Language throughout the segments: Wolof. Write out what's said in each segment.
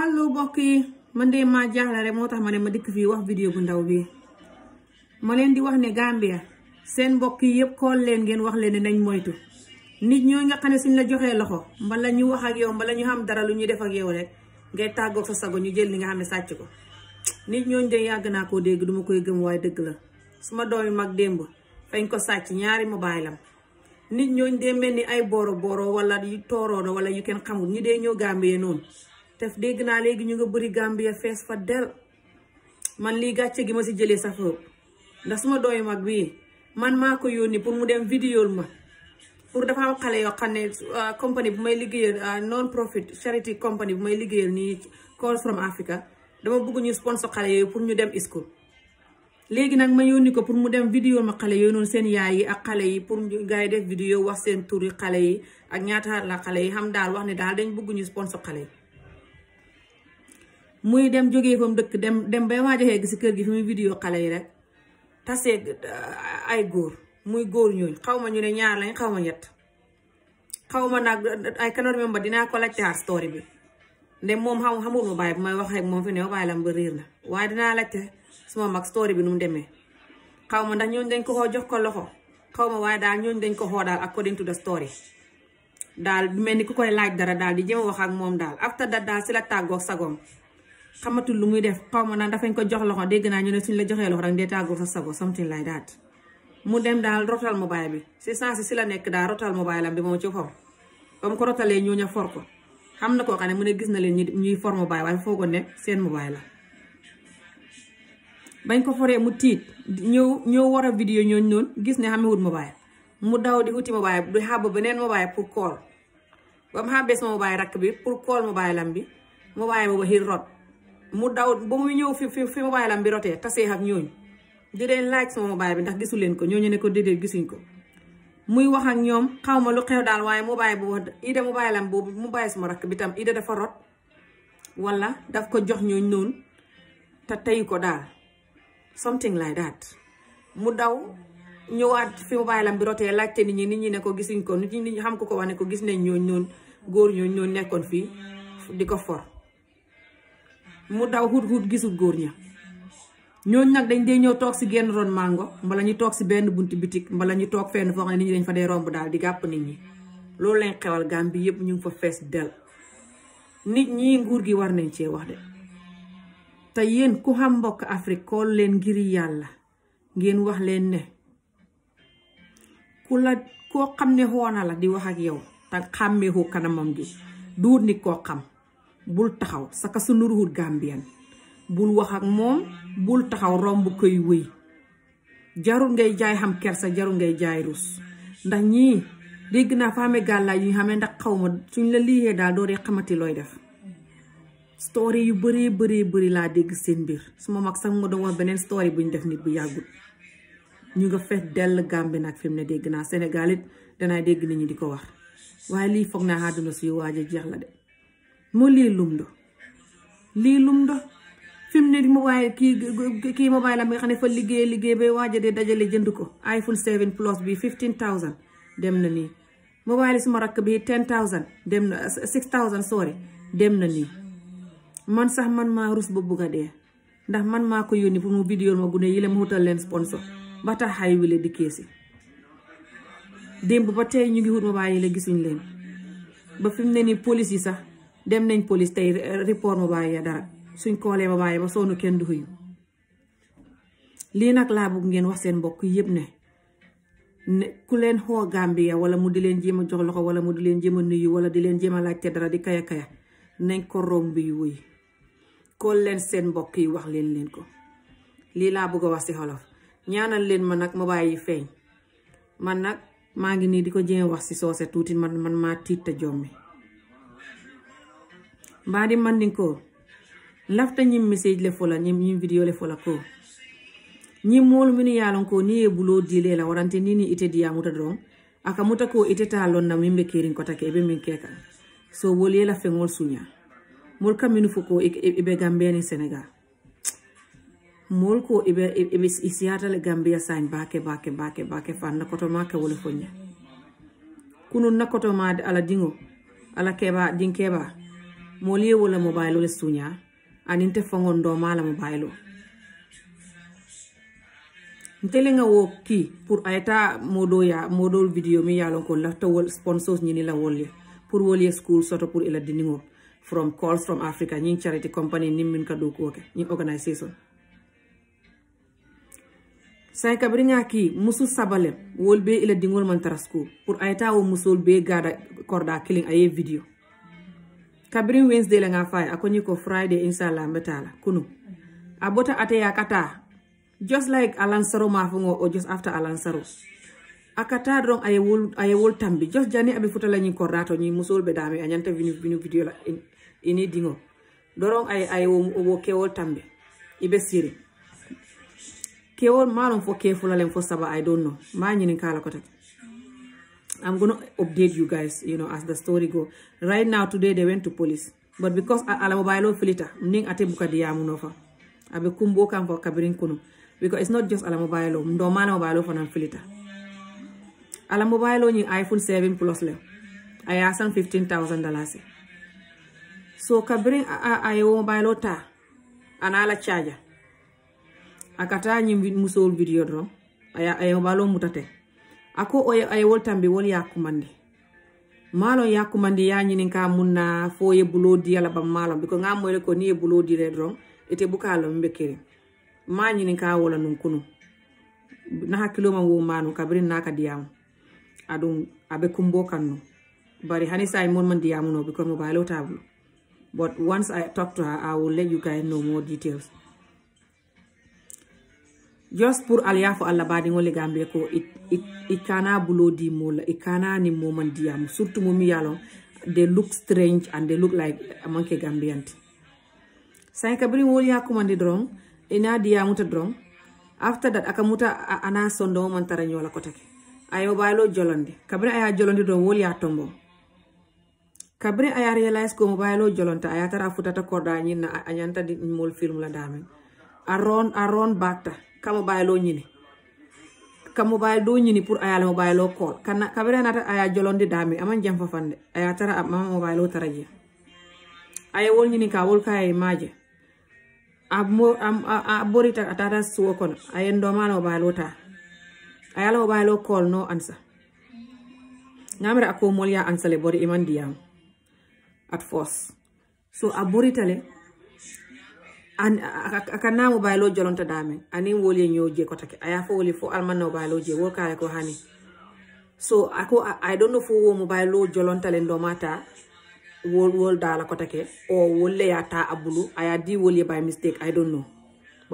allo mbokk yi man de maa jaaxle moo tax ma ne ma dikk fii wax vidéo bu ndaw bi ma leen di wax ne Gambia seen mbokk yëpp xool leen ngeen wax leen ne nañ moytu nit ñoo nga xam ne suñ la joxee loxo mbala ñu wax ak yow mbala ñu xam dara lu ñuy def ak yow rek ngay tàggoog sa sago ñu jël li nga xam ne sàcc ko nit ñooñu de yàgg naa koo dégg duma koy gëm waaye dëgg la su ma doomi mag démb fañ ko sàcc ñaari mobile am nit ñooñ de mel ni ay booro boro wala yu toorooro wala yu kenn xamul ñu dee ñoo Gambie noonu def dégg naa léegi ñu nga bëri Gambia fees fa del man lii gàcce gi ma si jëlee sa foofu ndax suma dooy mag bii man maa ko yónni pour mu dem vidéo ma pour dafa am xale yoo xam ne ah, compagnie bu may liggéeyal ah, non profit charity compagnie bu may liggéeyal nii Calls from Africa dama bëgg ñu sponsor xale yooyu pour ñu dem school léegi nag ma yónni ko pour mu dem vidéo ma xale yooyu noonu seen yaay yi ak xale yi pour gars yi def vidéo wax seen tur yi xale yi ak ñaata la xale yi xam daal wax ne daal dañ bëgg ñu sponsor xale yi muy dem jóge fa mu dëkk dem dem bay ma a gis kër gi fi muy vidéo xale yi rek tasse uh, ay góor muy góor ñooñ xaw ma ñu ne ñaar lañ xaw ma ñett xaw ma nag ay kanoor dinaa ko laajtaar story bi moom xam xamul ma bàyyi bu may waxee moom fi ne bàyyi la réer na waaye dinaa laajte suma mag bi mu demee xaw ma ndax ñooñ dañ ko xoo jox ko loxo xaw ma waaye daal ñooñ dañ ko xoo daal according to the story daal mel ni ku koy laaj dara daal di jëm wax ak moom daal after that si la tàggoog sagoom xamatul lu muy def xaw ma naan dafañ ko jox loxo dégg naa ñu ne suñ la joxee loxo rek dee tàggoo sa sago something like that mu dem daal rotal mobile bi si sens si la nekk daal rotal mobile am bi moom ci for ba mu ko rotalee ñooñu for ko xam na ko xam ne mu ne gis na leen ñuy for mobile waaye foogoon ne seen mobile la. bañ ko foree mu tiit ñëw ñëw war a vidéo ñooñu noonu gis ne xamewut mobile mu daw di uti mobile du xàbb beneen mobile pour call ba mu xàbbee sama mobile rakk bi pour call mobile bi mobile boobu xiir rot. mu daw ba muy ñëw fi fi fi mobile am bi rotee tasee ak ñooñ di leen laaj sama mobile bi ndax gisu leen ko ñooñu ne ko di déedéet gisuñ ko muy wax ak ñoom xaw ma lu xew daal waaye mobile bu wax Ida mobile am boobu mobile rakk bi tam Ida dafa rot wala daf ko jox ñooñ noonu te tey ko daal something like that mu daw ñëwaat fi mobile am bi rotee laajte nit ñi nit ñi ne ko gisuñ ko nit ñi xam ko ko wax ne ko gis nañ ñooñ noonu góor ñooñ noonu nekkoon fii di ko for mu daw xut xut gisu góor ña ñooñ nag dañ dee ñëw toog ci genn ron mango mbala ñu toog ci benn bunt bitik mbala ñu toog fenn foo xam nit ñi dañ fa dee romb daal di gàpp nit ñi loolu lañ xewal Gàmbi yëpp ñu ngi fa fees del nit ñi nguur gi war nañ cee wax de te yéen ku xam mbokk Afrique kool leen ngir yàlla ngeen wax leen ne ku la koo xam ne xoona la di wax ak yow te xàmmeeku kanamam gi duur nit koo xam bul taxaw saka su nuruwul gambien bul wax ak moom bul taxaw romb koy wéy jarul ngay jaay xam kersa jarul ngay jaay rus ndax ñii dégg naa fa amee gàllaay yu ñu xamee ndax xaw ma suñ la liiyee daal doo dee xamati looy def story yu bëree bëree bëri laa dégg seen mbir su ma mag sax ma doon wax beneen story bu ñu def nit bu yàggul ñu nga fees dell Gàmbi nag fi mu ne dégg naa Sénégal it danaa dégg nit di ko wax waaye lii foog naa àdduna si waaj a jeex moo lii lum do lii lum do fi mu ne mobile kii kii mobile am nga xam ne fa liggéey liggéey bay waaja de dajale jënd ko iPhone 7 plus bi 15000 dem na nii mobile suma rakk bi 10000 dem na 6000 sorry dem na nii man sax man maa rus ba bugg dee ndax man maa ko yónni pour mu vidéo ma gune yile ma wutal leen sponsor ba tax xay wile di keesi démb ba tey ñu ngi wut mobile yile gisuñ leen ba fi ne nii police yi sax dem nañ police tey eh, report ma bàyyee dara suñ koolee ma bàyyee ba soonu kenn du xëyu lii nag laa bëgg ngeen wax seen mbokk yépp ne ne ku leen xoo Gambia wala mu di leen jéem a jox loxo wala mu di leen jéem a nuyu wala di leen jéem a laajte dara di kaya kaya nañ ko romb yu wuy kool leen seen mbokk yi wax leen leen ko lii laa bëgg a wax ci xolof ñaanal leen ma nag ma bàyyi feeñ man nag maa ngi nii di ko jéem wax si soose tuuti man man maa tiit te jommi mbaɗi manndin ko lafta ñin message le fola ñin vidéo le fola ko ñin moolu minu ye lon ko ni ye buloo diile la warante ni ni ite diya muta doron aka muta ko ite taa lon na min be keerin kota ke ibe min ke kan so ye la feŋol suña moolu ka minu fo ko ibe gambeya ni senegal moolu ko ibe ibe isiyata le gambeya saañ baake baake baake baake fan na kotoma ke wole fo ña kunun na kotoma ala diŋo ala keba din keba molie wala mobile le sunya anin te fango ndo mala mobile ntele nga woo kii pour ayta modo moo doo video mi yalon ko lafta wol sponsors ñini la wolle pour wolle school soto pour ila diningo from calls from africa ñing charity company nimmin ka do ko ke ñing organisation sai kabriŋa ki musu sabalem wol be ila diŋol man tara school pour ayeta wo musol be gada korda kiliŋ aye video kabiri wednesday lenga fai akonyiko friday inshallah mbetala kunu abota ate yakata just like alansaro mafungo or just after alansaro akata drong aye wol aye wol tambi just jani abi futa lañi korrato ñi musol be dami anyanta vinu vinu video la ini dingo dorong ay ay wo wo kewol tambi ibe siri kewol malon fo kefula len fo saba i don't know ma ñini kala ko I'm going to update you guys, you know, as the story go. Right now, today, they went to police. But because Alamobailo filita, mning ate bukadia munofa. Abe kumbo kampo kabirin kuno. Because it's not just Alamobailo. Ndoma Alamobailo fanam filita. Alamobailo ni iPhone 7 plus leo. Ayasan $15,000. So kabirin Alamobailo ta. Anala charger. Akata nyi musol video dro. Ayamobailo mutate. ako oye ayewol tambi wol yakkumande malon yakkumande yañini ka munna fo ye bulo diyala bam malon biko nga moyle ko ni ye bulo dile dron ite bukalo mbe kiri mañini ka wola nun kunu na hakkilo man wo manu kabirin naka diyamu aɗum aɓe kumbo kanno bari hani sa mon man diyamuno biko mo balo table but once i talk to her i will let you details just pour aliyafo allah baɗigole gambe ko i kana bulodi mola i kanani moman diyamo surtout momi yalon they look strange and they look like amanke gambiyanti sain kabiri woli hakkumandi doron ina diyamuta doron after that aka muta ana sondomo man tara ñola kotake ayo baylo jolonde kabiri aya jolondi doron woli ya tombo kabiri aya realize ko mo baylo jolonta aya tara futata korda ñinna a ñanta di mol film la damen aron aron batta kamo baylo ñini kamo ñini pour aya mo baylo kol kana kabere nata aya jolonde dami aman jam fafande aya tara amma mo baylo taraje aya wol ñini ka wol kay maje abmo am a borita atata suwo kono ayen do mala mo baylo ta aya lo ansa ngamira ko mol ya ansale at force so a borita le a akanna mo baylo jolonta dame ani woli nyoje ko take aya fo woli fo almanno baylo je wo kare ko hani so ako i don't know fo wo mo baylo jolonta len do mata wol wol dala ko take o wolle ya ta abulu aya di woli by mistake i don't know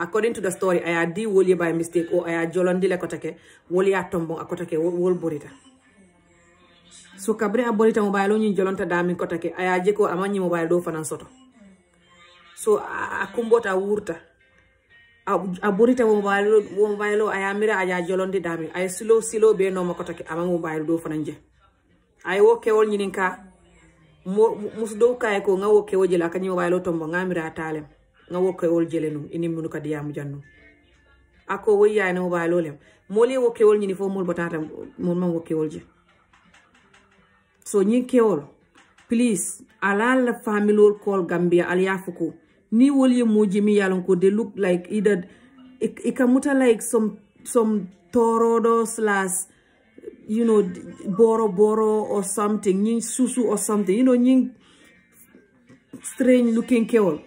according to the story aya di woli by mistake o aya jolondi le ko take woli ya tombo akotake wol borita so kabre abolita mo baylo nyi jolonta dami ko so a kumbota a wurta a ɓurita wo mobile o a yamira aja jolondiɗamin aye silo silo be noma kotake ama mobile dow fanan je aye wo kewol ñinin ka musu dow kaye ko ga wo kewo jele a kañi mobile o tombo gamira talem ga wo kewol jele num inin minu kadi yamu jannum ako woyyani mobile o lem moli wo kewol ñini fof mulbatata mulman wo kewol je so ñin kewol please alal familol kol gambia alyafo ko ni wolye moji mi yalanko they look like either ikamuta like some torodo slash you know boro boro or something nying susu or something you know nying strange looking kewol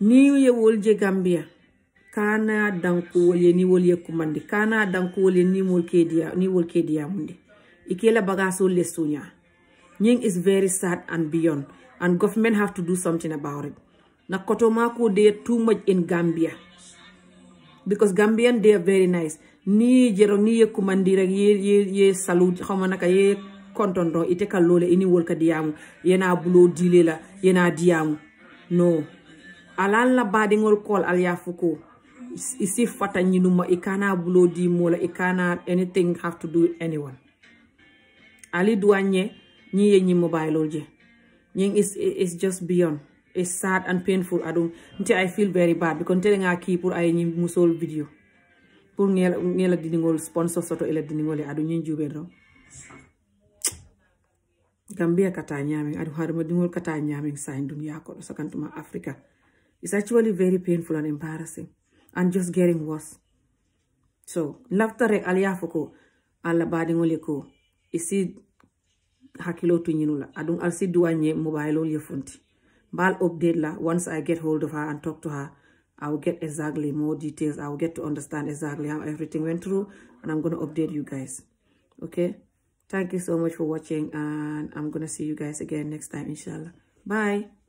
ni ye wolje gambia kana dankuwol ye niwol yekkumandi kana dankuwol ye niwol kediya niwol kediyamunde ikela bagasol le suñaa Nying is very sad and beyond, and government have to do something about it. Nakotomako, they are too much in Gambia. Because Gambian, they are very nice. Ni jero ni ye kumandira ye ye ye naka ye kontondo ite ka ini wol ka diamu yena bulo dile la yena diamu no alal la badingol kol al yafuko isi fata ñinuma i kana bulo di mola i kana anything have to do with anyone ali douanier ñi ye ñim mobile ñing is is just beyond it's sad and painful adum nti i feel very bad because tere nga ki pour ay ñim musol video pour ngel ngel diningol sponsor soto ila diningol adu ñin jube do gambia kata ñaming kata ñaming sa dunya ko sakantuma africa it's actually very painful and embarrassing and just getting worse so lafta rek aliafo ko alla badingol ko hakilotu ñinula adun al si duwañe mobile ol yefunti mbal update la once i get hold of her and talk to her i will get exactly more details i will get to understand exactly how everything went through and i'm gonna update you guys okay thank you so much for watching and i'm gonna see you guys again next time inshallah bye